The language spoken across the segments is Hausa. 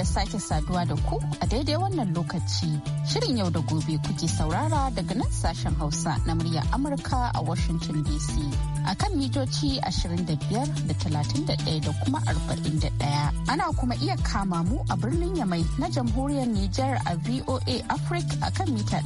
da sake saduwa da ku a daidai wannan lokaci. Shirin yau da gobe kuke saurara daga nan sashen Hausa na murya Amurka a Washington DC. A kan mitoci 25 da 31 da kuma 41. Ana kuma iya kama mu a birnin Yamai na jamhuriyar Nijar a VOA Africa a kan mita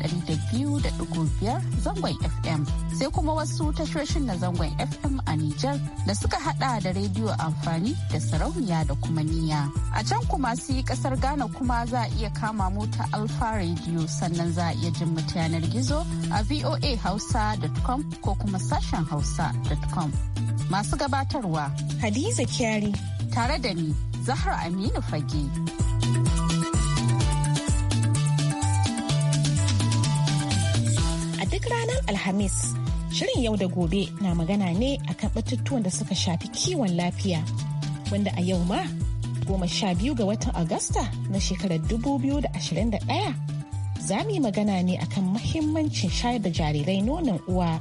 200.5 zangon FM. Sai kuma wasu tashoshin na zangon FM a Nijar da suka hada da rediyo amfani da sarauniya da kuma niya. A can kuma su yi kasar Ghana kuma za a iya kama mu ta Alfa Radio sannan za a iya jin mu yanar gizo a voa Hausa.com ko kuma sashen hausa.com. Masu gabatarwa. Hadiza Kyari. Tare da ni. Zahra Aminu Fage. A duk ranar Alhamis, shirin yau da gobe na magana ne akan batutuwan da suka shafi kiwon lafiya, wanda a yau ma goma sha biyu ga watan Agusta na shekarar da 2021 za mu yi magana ne akan mahimmancin shayar da jarirai nonon uwa.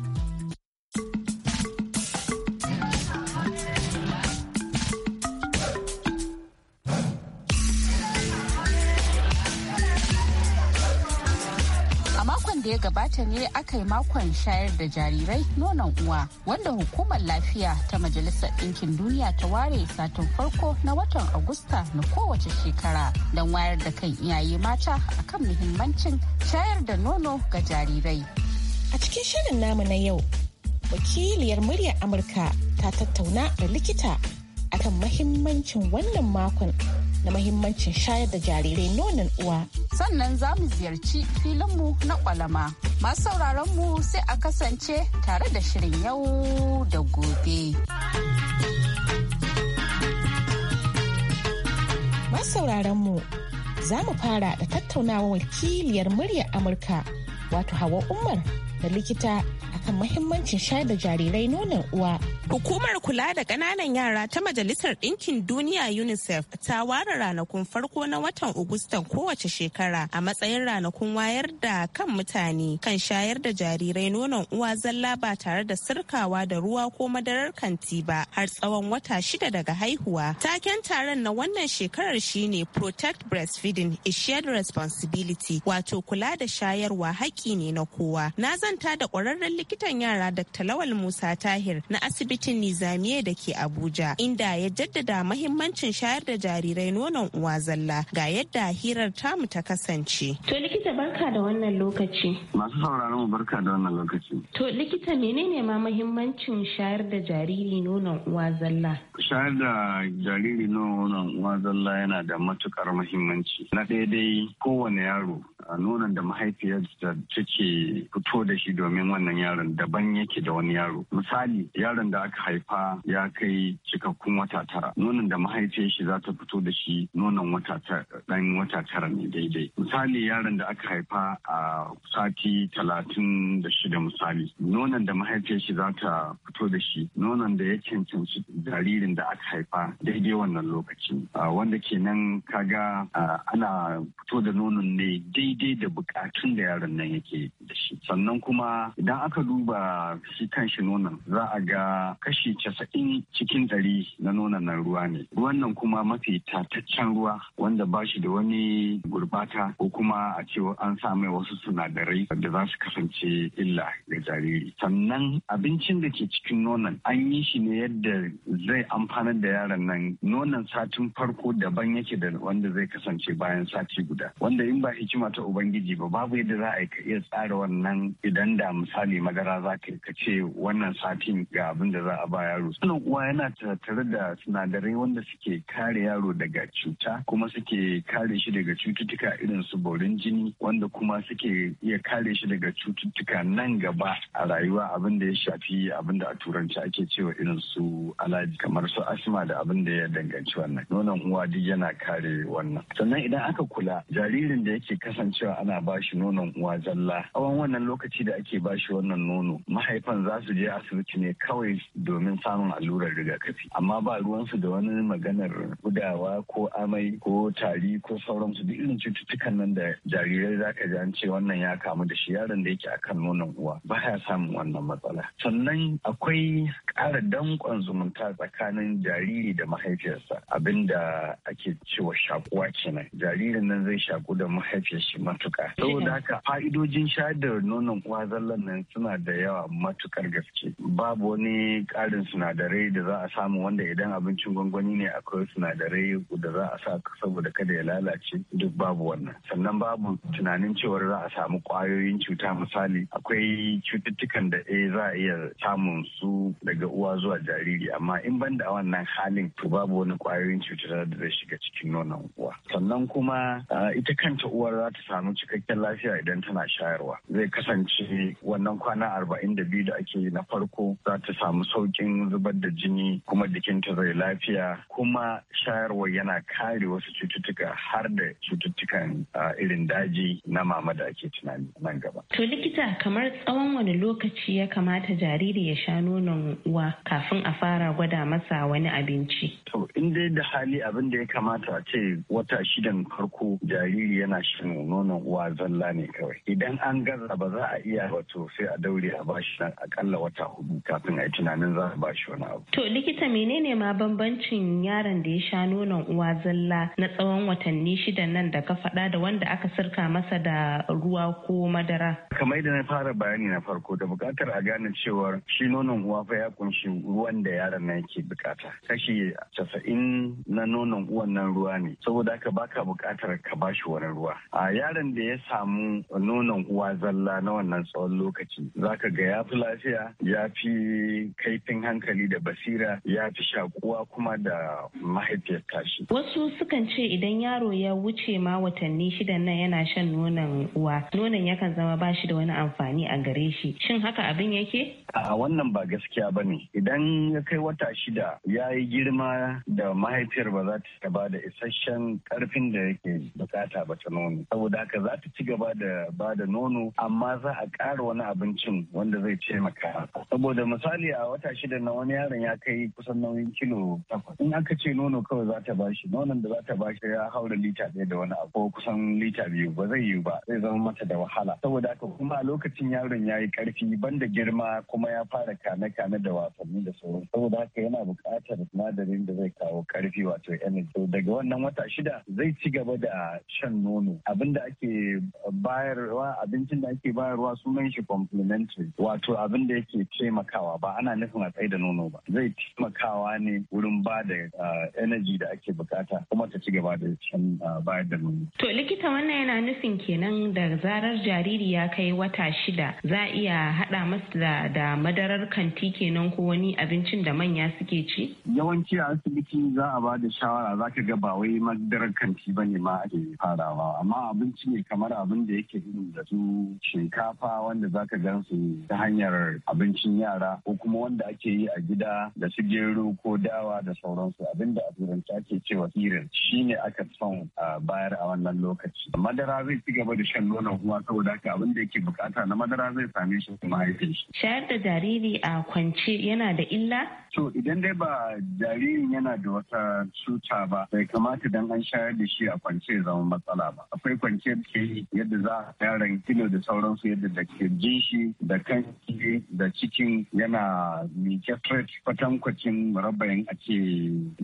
gabata ne aka yi makon shayar da jarirai nonon uwa wanda hukumar lafiya ta majalisar ɗinkin duniya ta ware satin farko na watan agusta na kowace shekara don wayar da kan iyaye mata akan muhimmancin shayar da nono ga jarirai a cikin shirin namu na yau wakiliyar muryar amurka ta tattauna da likita akan mahimmancin wannan makon na mahimmancin shayar da jarirai nonon uwa. Sannan za mu ziyarci filinmu na kwalama. Masu sauraron mu sai a kasance tare da shirin yau da gobe. Masu sauraron za mu fara da tattaunawa wakiliyar muryar Amurka wato Hawa Umar da likita kan mahimmancin shayar da jarirai nonon uwa. Hukumar kula da ƙananan yara ta Majalisar Ɗinkin Duniya UNICEF ta ware ranakun farko na watan Agustan kowace shekara a matsayin ranakun wayar da kan mutane kan shayar da jarirai nonon uwa zalla ba tare da sirkawa da ruwa ko madarar kanti ba har tsawon wata shida daga haihuwa. Taken taron na wannan shekarar shine Protect Breastfeeding a Shared Responsibility wato kula da shayarwa haƙƙi ne na kowa. Na zanta da ƙwararren likita likitan yara Dr. Lawal Musa Tahir na asibitin Nizamiye da ke Abuja inda ya jaddada mahimmancin shayar da jarirai nonon uwa zalla ga yadda hirar tamu ta kasance. To likita barka da wannan lokaci. Masu sauraron mu barka da wannan lokaci. To likita menene ma mahimmancin shayar da jariri nonon uwa zalla? Shayar da jariri nonon uwa zalla yana da matukar mahimmanci. Na daidai kowane yaro nonon da mahaifiyar da take fito da shi domin wannan yaron daban yake da wani yaro misali yaron da aka haifa ya kai cikakkun wata tara nonon da mahaifiyar shi za ta fito da shi nonon wata dan wata tara ne daidai misali yaron da aka haifa a sati talatin da shida misali nonon da mahaifiyar shi za ta fito da shi nonon da ya cancanci jaririn da aka haifa daidai wannan lokaci wanda kenan kaga ana fito da nonon ne daidai daidai da bukatun da yaron nan yake da shi sannan kuma idan aka duba shi kan shi nonon za a ga kashi casa'in cikin dari na nonon nan ruwa ne ruwan nan kuma mafi tataccen ruwa wanda ba shi da wani gurbata ko kuma a ce an sa mai wasu sinadarai da za su kasance illa ga jariri sannan abincin da ke cikin nonon an yi shi ne yadda zai amfanar da yaron nan nonon satin farko daban yake da wanda zai kasance bayan sati guda wanda in ba hikima ta ubangiji ba babu yadda za a iya tsara wannan idan da misali madara za ka ce wannan satin ga abin da za a ba yaro sannan uwa yana tattare da sinadarai wanda suke kare yaro daga cuta kuma suke kare shi daga cututtuka irin su borin jini wanda kuma suke iya kare shi daga cututtuka nan gaba a rayuwa abin da ya shafi abin da a turanci ake cewa irin su alaji kamar su asma da abin da ya danganci wannan nonon uwa duk yana kare wannan sannan idan aka kula jaririn da yake kasance cewa ana ba shi nonon uwa zalla tsawon wannan lokaci da ake ba shi wannan nono mahaifan za su je asibiti ne kawai domin samun allurar rigakafi amma ba ruwansu da wani maganar gudawa ko amai ko tari ko sauransu duk irin cututtukan nan da jarirai za ka ji an ce wannan ya kamu da shi yaron da yake akan nonon uwa ba ya samun wannan matsala sannan akwai ƙara dankon zumunta tsakanin jariri da mahaifiyarsa abinda ake cewa shakuwa kenan jaririn nan zai shaku da mahaifiyarsa shi matuka saboda haka fa'idojin shayar nonon uwa zallan nan suna da yawa matukar gaske babu wani ƙarin sinadarai da za a samu wanda idan abincin gwangwani ne akwai sinadarai da za a sa saboda kada ya lalace duk babu wannan sannan babu tunanin cewar za a samu ƙwayoyin cuta misali akwai cututtukan da eh za a iya samun su daga uwa zuwa jariri amma in ban da wannan halin to babu wani ƙwayoyin cuta da zai shiga cikin nonon uwa sannan kuma ah, ita kanta uwar za ta samu cikakken lafiya idan tana shayarwa zai kasance wannan kwana arba'in da biyu da ake na farko za ta samu saukin zubar da jini kuma jikinta zai lafiya kuma shayarwa yana kare wasu cututtuka har da cututtukan irin daji na mama da ake tunani nan gaba. To likita kamar tsawon wani lokaci ya kamata jariri ya sha nonon uwa kafin a fara gwada masa wani abinci? To in dai da hali abin da ya kamata a ce wata shidan farko jariri yana shan nonon uwa zalla ne kawai idan an gaza ba za a iya wato sai a daure a bashi nan akalla wata hudu kafin a yi tunanin za a bashi wani abu to likita menene ma bambancin yaron da ya sha nonon uwa zalla na tsawon watanni shida nan da ka faɗa da wanda aka sirka masa da ruwa ko madara kamar da na fara bayani na farko da buƙatar a gane cewar shi nonon uwa fa ya kunshi ruwan da yaron nan yake buƙata, kashi casa'in na nonon uwan nan ruwa ne saboda haka baka buƙatar ka bashi wani ruwa a yaron da ya samu nonon uwa zalla na wannan tsawon lokaci zaka ga ya fi lafiya ya fi kaifin hankali da basira ya fi shakuwa kuma da mahaifiyar tashi wasu sukan ce idan yaro ya wuce ma watanni shidan nan yana shan nonon uwa nonon yakan zama ba shi da wani amfani a gare shi shin haka abin yake A wannan ba gaskiya ba ne. Idan ya kai wata shida ya yi girma da mahaifiyar ba za ta ba da isasshen karfin da yake bukata ba ta nono. Saboda haka za ta ci gaba da ba da nono amma za a ƙara wani abincin wanda zai taimaka. Saboda misali a wata shida na wani yaron ya kai kusan nauyin kilo takwas. In aka ce nono kawai za ta bashi nonon da za ta bashi ya haura lita ɗaya da wani abu ko kusan lita biyu ba zai yiwu ba zai zama mata da wahala. Saboda haka kuma a lokacin yaron ya yi ƙarfi banda girma kuma kuma ya fara kane kane da wasanni da sauran saboda haka yana buƙatar sinadarin da zai kawo karfi wato energy daga wannan wata shida zai ci gaba da shan nono abin da ake bayarwa abincin da ake bayarwa sunan shi complementary wato abin da yake taimakawa ba ana nufin a tsaye da nono ba zai taimakawa ne wurin ba da uh, energy da ake bukata kuma ta ci gaba da shan uh, bayar da nono to likita wannan yana nufin kenan da zarar jariri ya kai wata shida za a iya haɗa masa da madarar kanti kenan ko wani abincin da manya suke ci? Yawanci a asibiti za a ba da shawara za ka ga ba wai madarar kanti ba ne ma ake farawa amma abinci ne kamar abin da yake irin da su shinkafa wanda za ka gan su ta hanyar abincin yara ko kuma wanda ake yi a gida da su gero ko dawa da sauransu abinda a turanci ake cewa irin shine aka son bayar a wannan lokaci. Madara zai ci gaba da shan nonon kuma saboda haka abin da yake bukata na madara zai same shi kuma haifin shi. Shayar da jariri a kwance yana da illa? To idan dai ba jaririn yana da wata cuta ba bai kamata dan an shayar da shi a kwance zama matsala ba. Akwai kwance ke yadda za a yaran kilo da sauransu yadda da jin shi da kan da cikin yana mike straight kwatankwacin rabayin a ce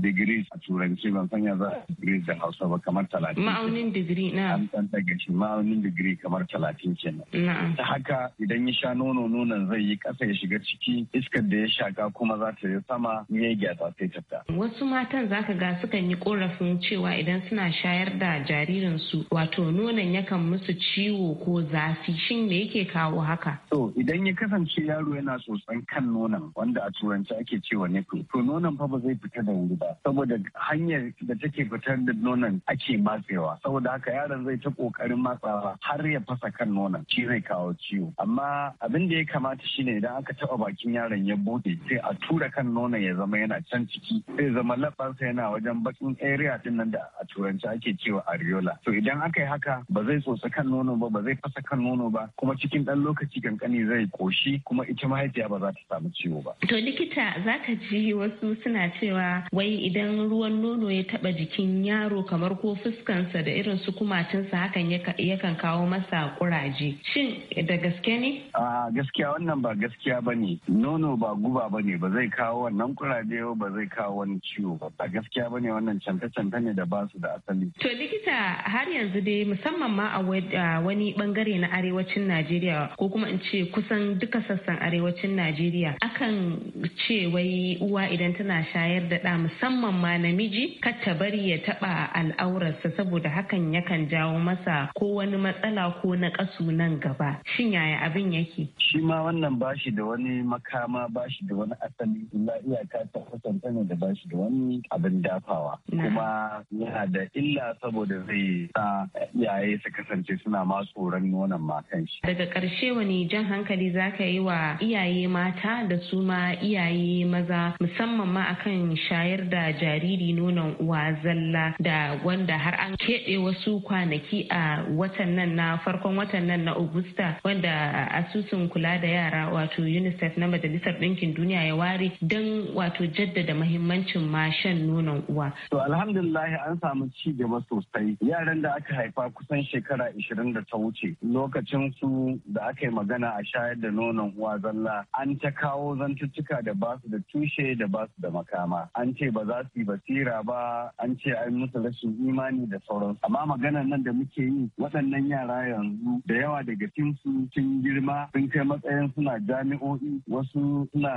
digiri a turanci ban san ya za a digiri da hausa ba kamar talatin. Ma'aunin digiri na. An san daga ma'aunin digiri kamar talatin kenan. Ta haka idan ya sha nono nonon zai yi ƙasa ta ya shiga ciki iskar da ya shaka kuma za ta yi sama ya ya gyata sai ta ta. Wasu matan za ka ga sukan yi korafin cewa idan suna shayar da jaririnsu wato nonon yakan musu ciwo ko zafi shin me yake kawo haka? To idan ya kasance yaro yana tsotsan kan nonon wanda a turanci ake cewa nipple to nonon fa ba zai fita da wuri ba saboda hanyar da take fitar da nonon ake matsewa saboda haka yaron zai ta kokarin matsawa har ya fasa kan nonon shi zai kawo ciwo amma abin da ya kamata shine idan idan aka taba bakin yaron ya bude sai a tura kan nono ya zama yana can ciki sai zama labarsa yana wajen bakin area din nan da a turanci ake cewa areola to idan aka yi haka ba zai tsotsa kan nono ba ba zai fasa kan nono ba kuma cikin dan lokaci kankani zai koshi kuma ita mahaifiya ba za ta samu ciwo ba to likita zaka ji wasu suna cewa wai idan ruwan nono ya taba jikin yaro kamar ko fuskansa da irin su kumatinsa hakan yakan kawo masa kuraje shin da gaske ne a gaskiya wannan ba gaske gaskiya ba ne nono ba guba ba ne ba zai kawo wannan kuraje ba zai kawo wani ciwo ba ba gaskiya ba ne wannan canta-canta ne da ba su da asali. To likita har yanzu dai musamman ma a wani bangare na arewacin Najeriya ko kuma in ce kusan duka sassan arewacin Najeriya akan ce wai uwa idan tana shayar da ɗa musamman ma namiji kar ta bari ya taɓa al'aurarsa saboda hakan yakan jawo masa ko wani matsala ko na nan gaba. Shin yaya abin yake? Shi ma wannan bashi shi da wani makama ba shi da wani asali illa iyaka ta kasanta ne da ba shi da wani abin dafawa kuma yana da illa saboda zai sa yaye su kasance suna ma tsoron nonon matan shi daga karshe wani jan hankali zaka yi wa iyaye mata da su ma iyaye maza musamman ma akan shayar da jariri nonon uwa zalla da wanda har an keɓe wasu kwanaki a watan nan na farkon watan nan na Augusta wanda asusun kula da yara wato wato unicef na majalisar ɗinkin duniya ya ware don wato jaddada mahimmancin ma shan nonon uwa. to alhamdulillah an samu ci gaba sosai yaran da aka haifa kusan shekara ishirin da ta wuce lokacin su da aka yi magana a shayar da nonon uwa zalla an ta kawo zantuttuka da ba su da tushe da ba su da makama an ce ba za su yi basira ba an ce an musu rashin imani da sauran amma maganar nan da muke yi waɗannan yara yanzu da yawa daga fim sun girma sun kai matsayin suna jami'a jami'o'i wasu suna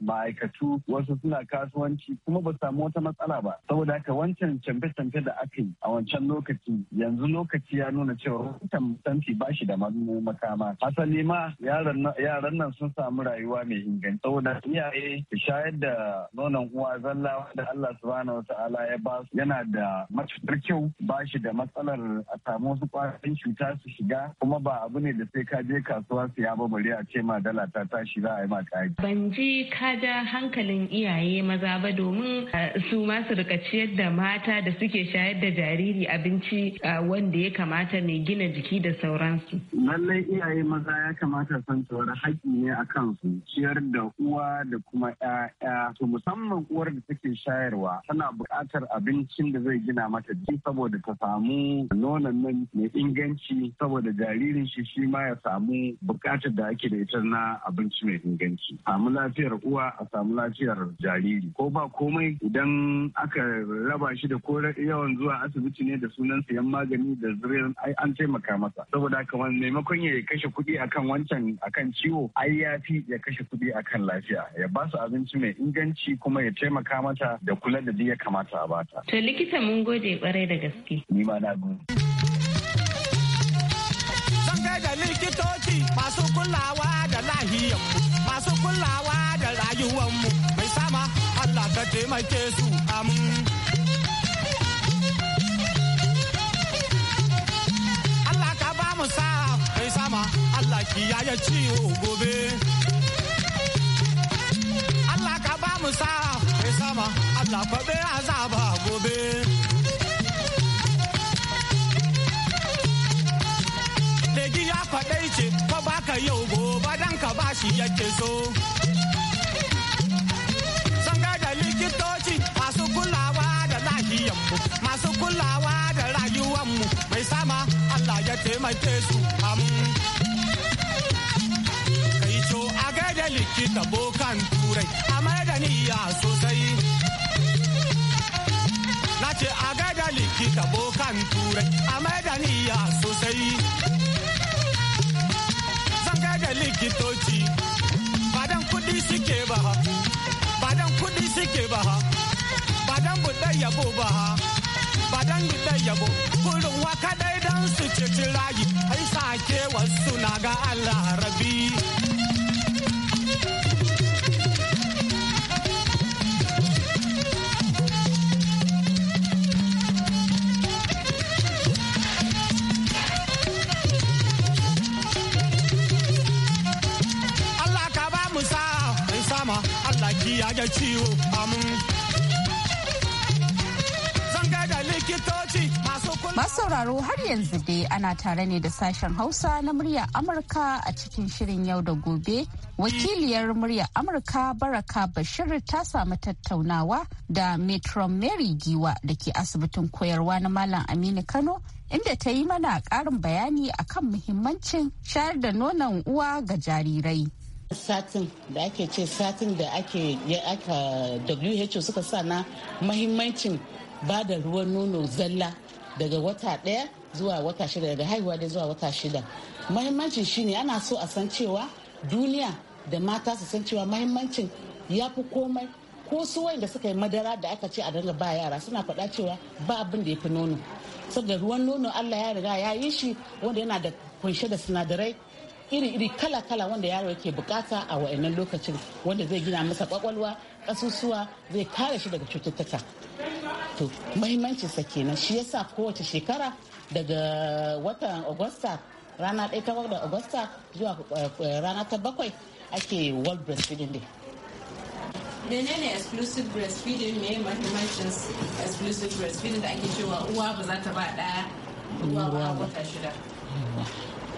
ma'aikatu wasu suna kasuwanci kuma ba samu wata matsala ba saboda haka wancan canfe-canfe da aka yi a wancan lokaci yanzu lokaci ya nuna cewa wancan tanti ba shi da makama asali ma yaran nan sun samu rayuwa mai inganci saboda iyaye su shayar da nonon uwa zalla da Allah subhanahu wa ta'ala ya ba su yana da matuƙar kyau ba shi da matsalar a samu wasu kwayoyin cuta su shiga kuma ba abu ne da sai ka je kasuwa siya ba bari a ce ma dala ta tashi za a yi maka aiki. Ban ji kada hankalin iyaye maza ba domin eh, su ma su rika da mata da suke shayar da jariri abinci eh, wanda ya kamata mai gina jiki da sauransu. Lallai iyaye maza ya kamata san cewar haƙƙi ne a kansu ciyar da uwa da kuma ‘ya'ya. To musamman uwar da take shayarwa tana buƙatar abincin da zai gina mata jiki saboda ta samu nonon nan mai inganci saboda jaririn shi shi ma ya samu buƙatar da ake da ita na abinci mai inganci samu lafiyar uwa a samu lafiyar jariri ko ba komai idan aka raba shi da ko yawan zuwa asibiti ne da sunan sayan magani da zuriyar ai an taimaka masa saboda haka maimakon ya kashe kuɗi akan wancan akan ciwo ai ya fi ya kashe kuɗi akan lafiya ya ba su abinci mai inganci kuma ya taimaka mata da kula da ya kamata a bata. To likita mun gode kwarai da gaske. Ni ma na gode. likitoci masu kulawa da lahiyan masu kulawa da rayuwanmu mai sama Allah ka taimake su amin. Allah ka ba mu sa mai sama Allah kiyaye ciwo gobe. Allah ka ba mu sa mai sama Allah kwabe azaba gobe. ji ya faɗai ce fa baka yau gobe dan ka shi yake so sanga da likitoci masu kulawa da lahiyanmu masu kulawa da rayuwanmu mai sama Allah ya taimake su am kai co a gaida likita bokan turai a mai da niyya sosai na ce a gaida likita bokan turai a mai da niyya ba ha ba dan kudi suke ba ha ba dan budar yabo ba ha ba dan budar yabo kurin waka dai dan su ceci rayu ai sake wasu na ga Allah rabi Masauraro ciwo Masu har yanzu dai ana tare ne da sashen Hausa na murya Amurka a cikin shirin yau da gobe. Wakiliyar murya Amurka Baraka Bashir ta samu tattaunawa da Metron Mary Giwa da ke asibitin koyarwa na Malam Aminu Kano inda ta yi mana ƙarin bayani akan muhimmancin shayar da nonon uwa ga jarirai. satin da ake ce satin da ake aka who suka sa na mahimmancin ba da ruwan nono zalla daga wata daya zuwa wata shida daga haihuwa da zuwa wata shida mahimmancin shine ana so a san cewa duniya da mata su san cewa mahimmancin ya fi komai ko su da suka yi madara da aka ce a dinga ba yara suna faɗa cewa ba abin da ya fi nono saboda ruwan nono allah ya riga ya yi shi wanda yana da kunshe da sinadarai iri-iri kala-kala wanda yaro yake bukata a wa'annan lokacin wanda zai gina masa kwakwalwa kasusuwa zai kare shi daga cututtuka to mahimmancinsa kenan shi yasa kowace shekara daga watan agusta rana ɗaya ta wadda agusta zuwa eh, rana ta bakwai ake world breastfeeding day menene exclusive breastfeeding me mahimmancin exclusive breastfeeding da ake cewa uwa ba za ta ba ɗaya uwa ba wata shida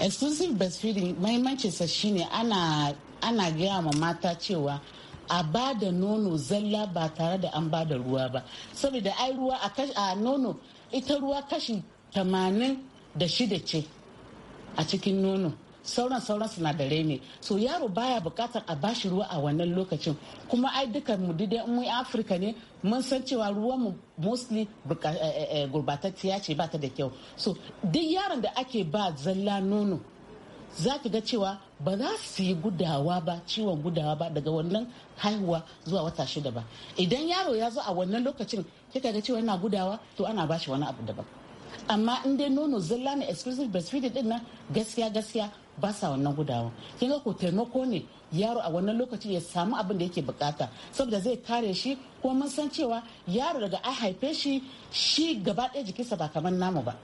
exclusive breastfeeding mahimmancinsa shine ana ana gaya ma mata cewa a ba da nono zalla ba tare da an ba da ruwa ba saboda ai ruwa a nono ita ruwa kashi tamanin da shida ce a cikin nono sauran sauran sinadarai ne so yaro baya bukatar a bashi ruwa a wannan lokacin kuma ai dukan mu dai mu afirka ne mun san cewa ruwan mu mostly eh, eh, eh, gurbatacciya ce bata da kyau so duk yaron da ake ba zalla nono za ki ga cewa ba za su yi gudawa ba ciwon gudawa ba daga wannan haihuwa zuwa wata shida ba idan yaro ya zo a wannan lokacin kika ga cewa yana gudawa to ana bashi wani abu daban amma in dai nono zalla na exclusive breastfeeding din nan gaskiya gaskiya ba sa wannan gudawa kin ga ko taimako ne yaro a wannan lokacin ya samu abin da yake bukata saboda zai kare shi ko mun san cewa yaro daga a haife shi shi gaba ɗaya jikinsa ba kamar namu ba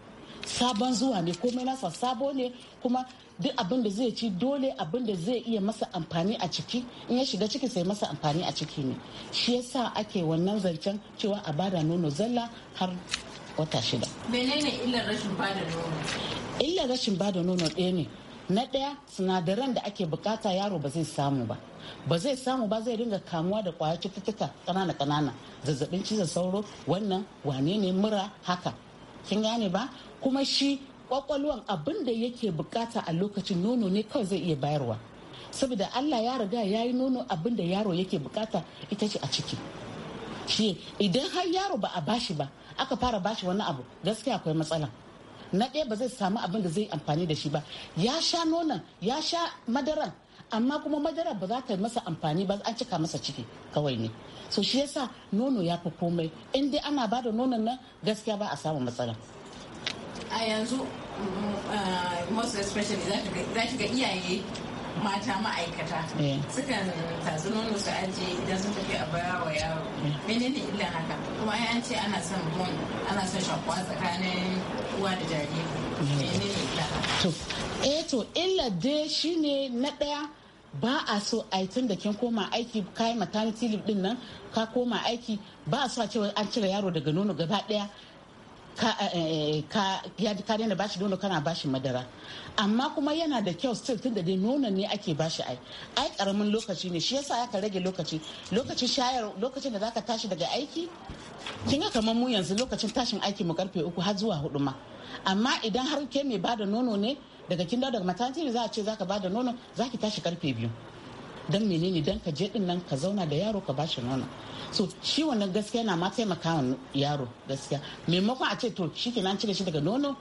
sabon zuwa ne komai nasa sabo ne kuma duk abin da zai ci dole abin da zai iya masa amfani a ciki in ya shiga ciki sai masa amfani a ciki ne shi yasa ake wannan zancen cewa a bada nono zalla har wata shida menene illar rashin bada nono illar rashin bada nono ɗaya ne na ɗaya sinadaran da ake bukata yaro ba zai samu ba ba zai samu ba zai ringa kamuwa da kwaya cututtuka ƙanana ƙanana zazzabin cizon sauro wannan wane ne mura haka kin gane ba kuma shi kwakwalwan abin da yake bukata a lokacin nono ne kawai zai iya bayarwa saboda allah ya riga ya yi nono abin da yaro yake bukata ita ce a ciki shi idan har yaro ba a bashi ba aka fara bashi wani abu gaskiya akwai matsala na ɗaya ba zai samu abin da zai amfani da shi ba ya sha nonon ya sha madaran amma kuma madara ba za ta masa amfani ba an cika masa ciki kawai ne so shi yasa nono ya fi komai in dai ana ba da nonon nan gaskiya ba a samu matsala a yanzu mm, mm, uh, most especially za ga iyaye mata ma'aikata eh. sukan tatsi nono su aji idan sun tafi a baya wa yaro eh. menene illa haka kuma ai an ce ana son bon ana son shakwa tsakanin uwa da jariri eh. menene illa to eh to illa dai shine na daya ba a so a tun da kin koma aiki kayan maternity leave din nan ka koma aiki ba a so a cewa an cire yaro daga nono gaba daya Eh, eh, ka daina bashi nono kana bashi madara amma kuma yana da kyau still tunda dai nonon ne ake bashi ai ai karamin lokaci ne shi yasa aka rage lokaci lokacin shayar lokacin da zaka tashi daga aiki kin ga kamar mu yanzu lokacin tashin aiki mu karfe uku har zuwa hudu ma amma idan har ke mai bada nono ne daga kin daga maternity za a ce zaka bada nono zaki tashi karfe biyu dan menene dan ka je din nan ka zauna da yaro ka bashi nono so shi wannan gaskiya na ma taimaka wa yaro gaskiya maimakon a ce to shi kenan cire shi daga nono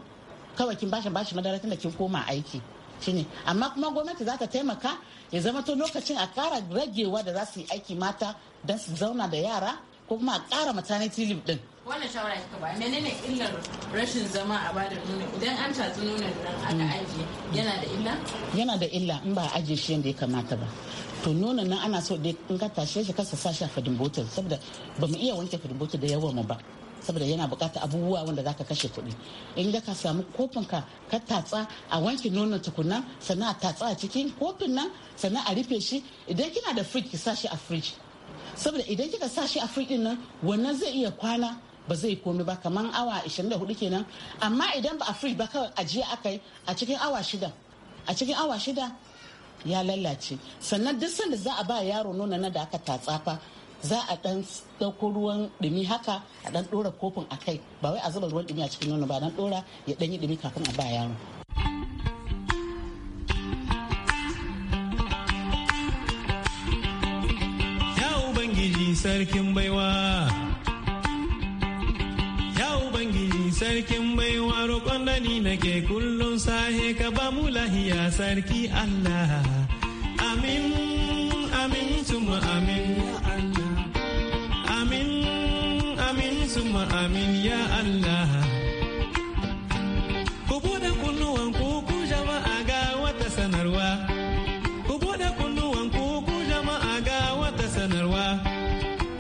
kawai kin bashi bashi madara tunda kin koma aiki shine amma kuma gwamnati za ta taimaka ya zama to lokacin a kara ragewa da za su yi aiki mata don su zauna da yara ko kuma a kara maternity leave din wannan shawara kika ba menene illar rashin zama a bada nono idan an tatsi nonon da aka mm. ajiye yana da illa yana da illa in ba a ajiye shi yadda ya kamata ba to nuna nan ana so dai in ka tashe shi kasa sa a fadin botul saboda ba mu iya wanke fadin botul da yawa mu ba saboda yana bukata abubuwa wanda zaka kashe kuɗi in ka samu kofin ka ka tatsa a wanke nonon tukunna sannan a tatsa a cikin kofin nan sannan a rufe shi idan kina da fridge ki sa shi a fridge saboda idan kika sa shi a fridge din nan wannan zai iya kwana ba zai komi ba kamar awa 24 kenan amma idan ba a fridge ba kawai ajiya aka yi a cikin awa shida a cikin awa shida ya lalace sannan duk sanda za a ba yaro nuna na da aka tatsa za a dan dauko ruwan dumi haka a dan dora kofin a kai ba wai a zuba ruwan dumi a cikin nono ba dan dora ya dan yi dumi kafin a ba yaro ya ubangiji sarkin baiwa ya ubangiji sarkin wanda ni nake kullum sahe ka ba mu lahiya sarki Allah. Amin, amin, tuma amin, amin, amin, tuma amin, ya Allah. Ku buɗe kunnuwan ku jama'a ga wata sanarwa. Ku buɗe kunnuwan ku jama'a ga wata sanarwa.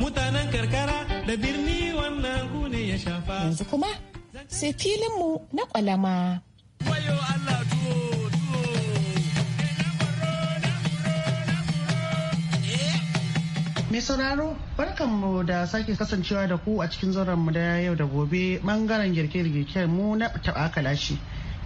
Mutanen karkara da birni wannan ku ne ya shafa. Yanzu kuma sai filinmu na ƙwalama. Mai sauraro barkanmu da sake kasancewa da ku a cikin zauren mu da yau da gobe bangaren girke girke mu na taɓa kalashi.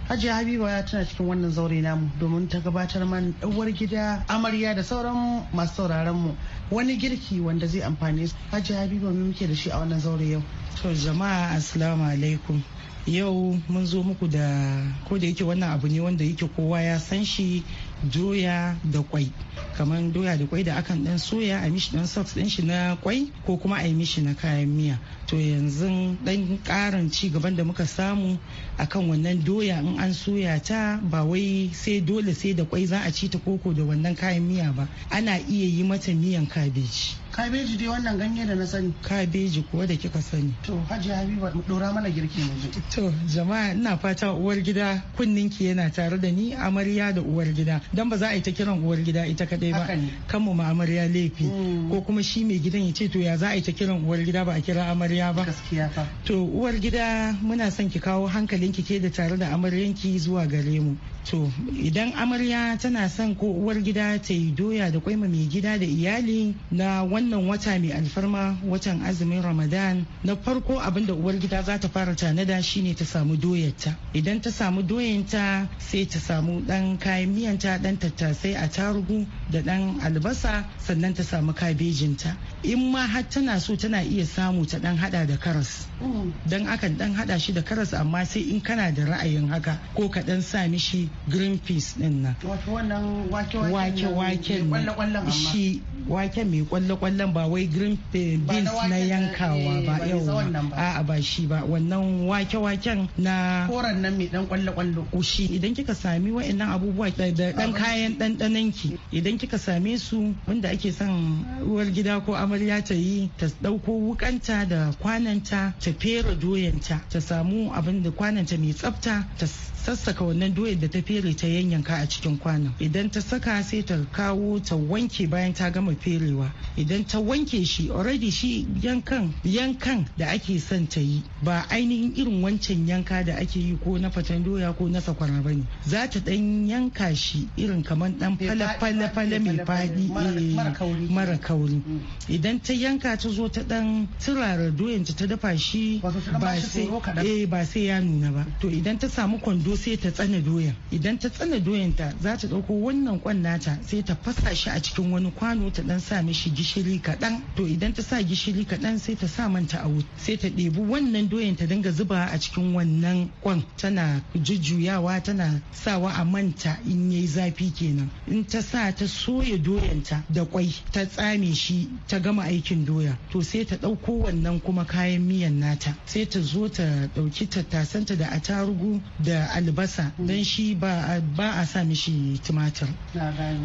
Hajiya Habiba tana cikin wannan zaure namu domin ta gabatar man uwar gida amarya da sauran masu sauraron mu wani girki wanda zai amfane su. Hajji Habiba mun muke da shi a wannan zaure yau. To jama'a assalamu alaikum. Yau mun zo muku da ko da yake wannan abu ne wanda yake kowa ya san shi doya da kwai kamar doya da kwai da akan dan soya a mishi dan socks din shi na kwai ko kuma a mishi na kayan miya to yanzu dan karin ci gaban da muka samu akan wannan doya in an soya ta ba wai sai dole sai da kwai za a ci ta koko da wannan kayan miya ba ana iya yi mata miyan kabeji kabeji dai wannan ganye da na sani kabeji kuwa da kika sani to hajji habiba dora mana girki mu to jama'a ina fata uwar gida kunninki yana tare da ni amarya da uwar gida dan ba za a yi ta kiran uwar gida ita kadai ba kanmu ma amarya laifi mm. ko kuma shi mai gidan ya ce to ya za a yi ta kiran uwar gida ba a kira amarya ba gaskiya fa to uwar gida muna son ki kawo hankalinki ke da tare da amaryanki zuwa gare mu to idan amarya tana son ko uwar gida ta yi doya da kwaima mai gida da iyali na wannan wata mai alfarma watan azumin ramadan na farko abin da uwar gida za ta fara tanada shine ta samu doyarta idan ta samu doyanta sai ta samu dan kayan miyanta dan tattasai a tarugu da dan albasa sannan ta samu kabejinta in ma har tana so tana iya samu ta dan hada da karas mm. dan akan dan hada shi da karas amma sai in kana da ra'ayin haka ko ka dan sa mishi green peas din nan wake-waken shi wake mai kwallo kwallon ba wai green eh, beans na yankawa ba yawa a'a ba shi ba wannan wake-waken na koran nan mai dan kwallo kwallo shi idan kika sami wa'annan abubuwa eh, da dan kayan dandanan ki idan kika same su wanda ake son uwar gida ko amarya ta yi ta dauko wukanta da kwananta ta fere doyanta ta samu abin da kwananta mai tsafta ta sassaka wannan doyar da ta fere ta yanyanka a cikin kwanon idan ta saka sai ta kawo ta wanke bayan ta gama ferewa idan ta wanke shi already shi yankan yankan da ake son ta yi ba ainihin irin wancan yanka da ake yi ko na fatan doya ko na sakwara ba ne za ta dan yanka shi irin kamar dan fala fala mai faɗi eh, mara kauri mm. idan ta yanka ta zo ta dan turara doyanta ta dafa shi eh, ba sai ya nuna ba to idan ta samu kwando zo sai ta tsane doyan idan ta tsane doyanta, ta za ta ɗauko wannan kwan nata sai ta fasa shi a cikin wani kwano ta dan sa mishi gishiri kaɗan to idan ta sa gishiri kaɗan sai ta sa manta a wuta sai ta ɗebi wannan doyan ta dinga zuba a cikin wannan kwan tana jujjuyawa tana sawa a manta in yayi zafi kenan in ta sa ta soya doyan ta da kwai ta tsame shi ta gama aikin doya to sai ta ɗauko wannan kuma kayan miyan nata sai ta zo ta ɗauki tattasanta da atarugu da albasa mm. don shi ba a sa mishi tumatir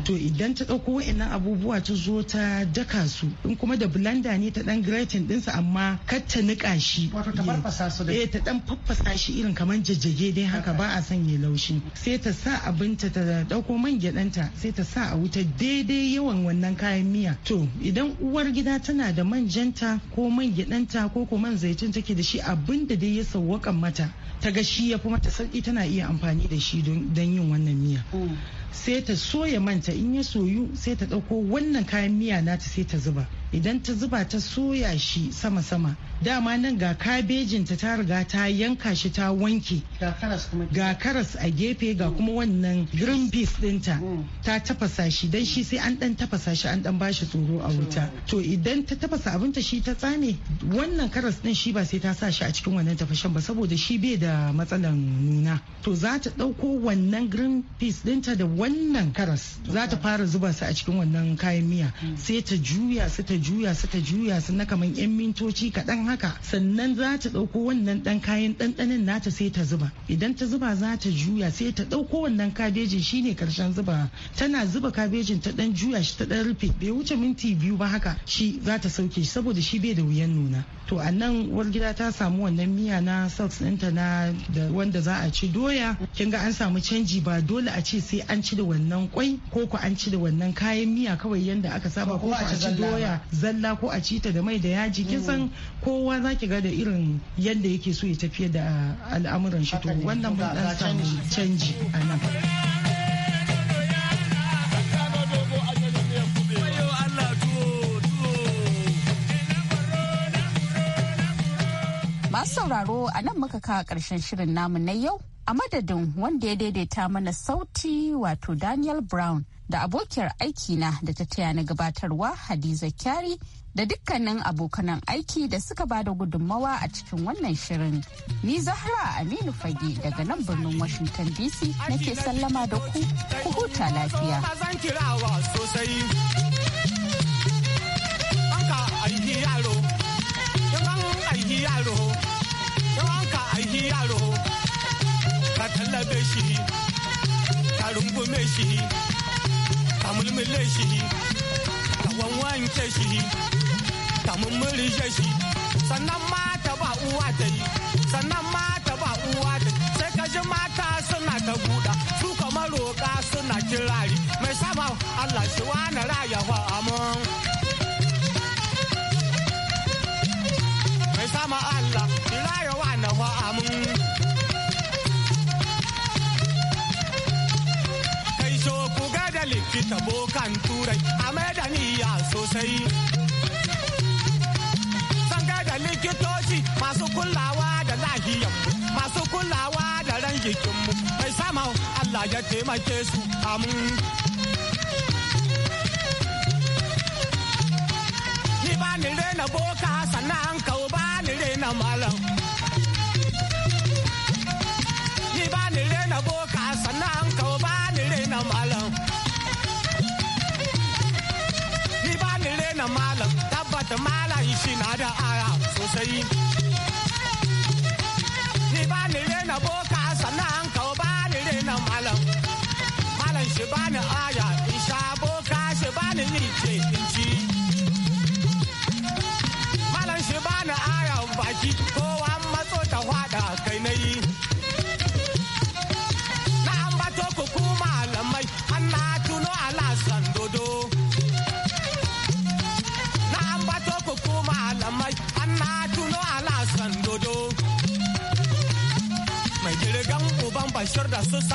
to idan ta dauko wa'annan abubuwa ta zo ta daka su in kuma da blanda ne ta dan grating dinsa amma kar ta nika shi ta eh ta dan faffasa shi irin kamar jajjage dai haka ba a sanya laushi sai ta sa abinta ta dauko man gyadanta sai ta sa a wuta daidai yawan wannan kayan miya to idan uwar gida tana da manjanta ko man gyadanta ko ko man zaitun take da shi abinda dai ya sawwakan mata ta ga shi ya fi mata sauki tana iya amfani da shi don yin wannan miya mm. sai ta soya manta in ya soyu sai ta ɗauko wannan kayan miya nata sai ta zuba idan ta zuba ta soya shi sama-sama dama nan ga kabejinta ta riga ta yanka shi ta wanke ga karas a gefe ga kuma wannan green peas dinta mm. ta tafasa shi dan shi sai an dan tafasa shi an dan bashi tsoro a wuta to idan ta tafasa abinta shi ta tsane wannan karas din shi ba sai ta sa shi a cikin wannan tafashen ba saboda shi bai da matsalan nuna to za ta dauko wannan green peas dinta da wannan karas za ta fara zuba su a cikin wannan kayan miya hmm. sai ta juya su ta juya su ta juya su na kamar yan mintoci kaɗan haka sannan za ta ɗauko wannan ɗan kayan ɗanɗanin nata sai ta zuba idan ta zuba za ta juya sai ta ɗauko wannan kabejin shine karshen zuba tana zuba kabejin ta ɗan juya shi ta ɗan rufe bai wuce minti biyu ba haka shi za ta sauke shi saboda shi bai da wuyan nuna to a nan uwar gida ta samu wannan miya na socks ɗinta na da wanda za a ci doya kin ga an samu canji ba dole a ce sai an ci da wannan kwai ko ku an ci da wannan kayan miya kawai yadda aka saba ko a ci doya zalla ko a ci ta da mai da yaji kin san mm. kowa za ki ga da irin yadda yake so ya tafiyar da al'amuran shi to wannan mun dan samu canji a nan Masu sauraro a nan muka kawo ƙarshen shirin namu na yau a madadin wanda ya daidaita mana sauti wato Daniel Brown da abokiyar aikina da ta taya na gabatarwa Hadiza Kyari da dukkanin abokanan aiki da suka ba da gudunmawa a cikin wannan shirin. Ni Zahra Aminu Fage daga nan birnin Washington DC nake sallama da ku, ku huta lafiya. tallabe shi a shi a shi shi shi sannan mata ba uwa ta yi sannan mata ba uwa ta yi sai ka ji mata suna ta buɗa su kamar roƙa suna kirari mai sama Allah shi wani rayawa amon mai sama Allah likita bokan turai a da niyya sosai. Zan da likitoci masu kulawa da lahiyar masu kulawa da ran jikinmu mai sama Allah ya taimake su amin. Ni ba ni rena boka sannan kau ba ni rena malam. Ni ba ni rena boka sannan kau ba ni rena malam. ta malam shi na da aya sosai ni ba ni rena boka sannan kawo ba ni rena malam malam shi ba ni aya in sha boka shi ba ni ni ce in ci malam shi ba ni aya baki ko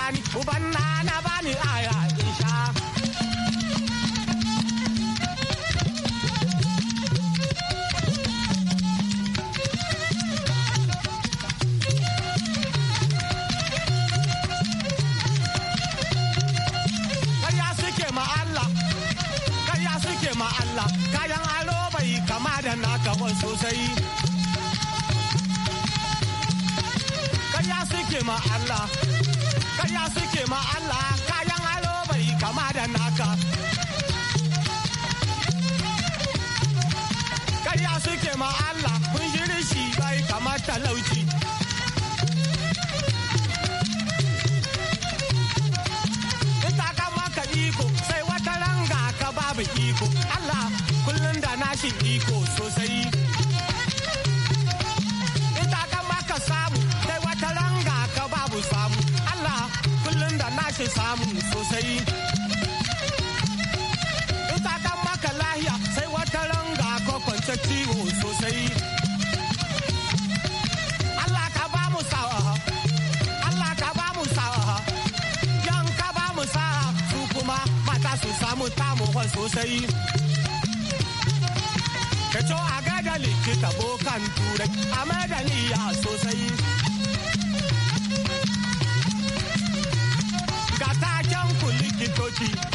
bani uban na ƙarya suke ma Allah kun shiri shi bai kamar talauci. Ita ka maka iko sai wata ranga ka babu iko Allah kullum da nashi iko sosai. Ita ka maka samu sai wata ranga ka babu samu Allah kullum da nashi samu sosai. samu hol sosai ka co a gada likita bokan turai a madaniya sosai ga taken ku likitoci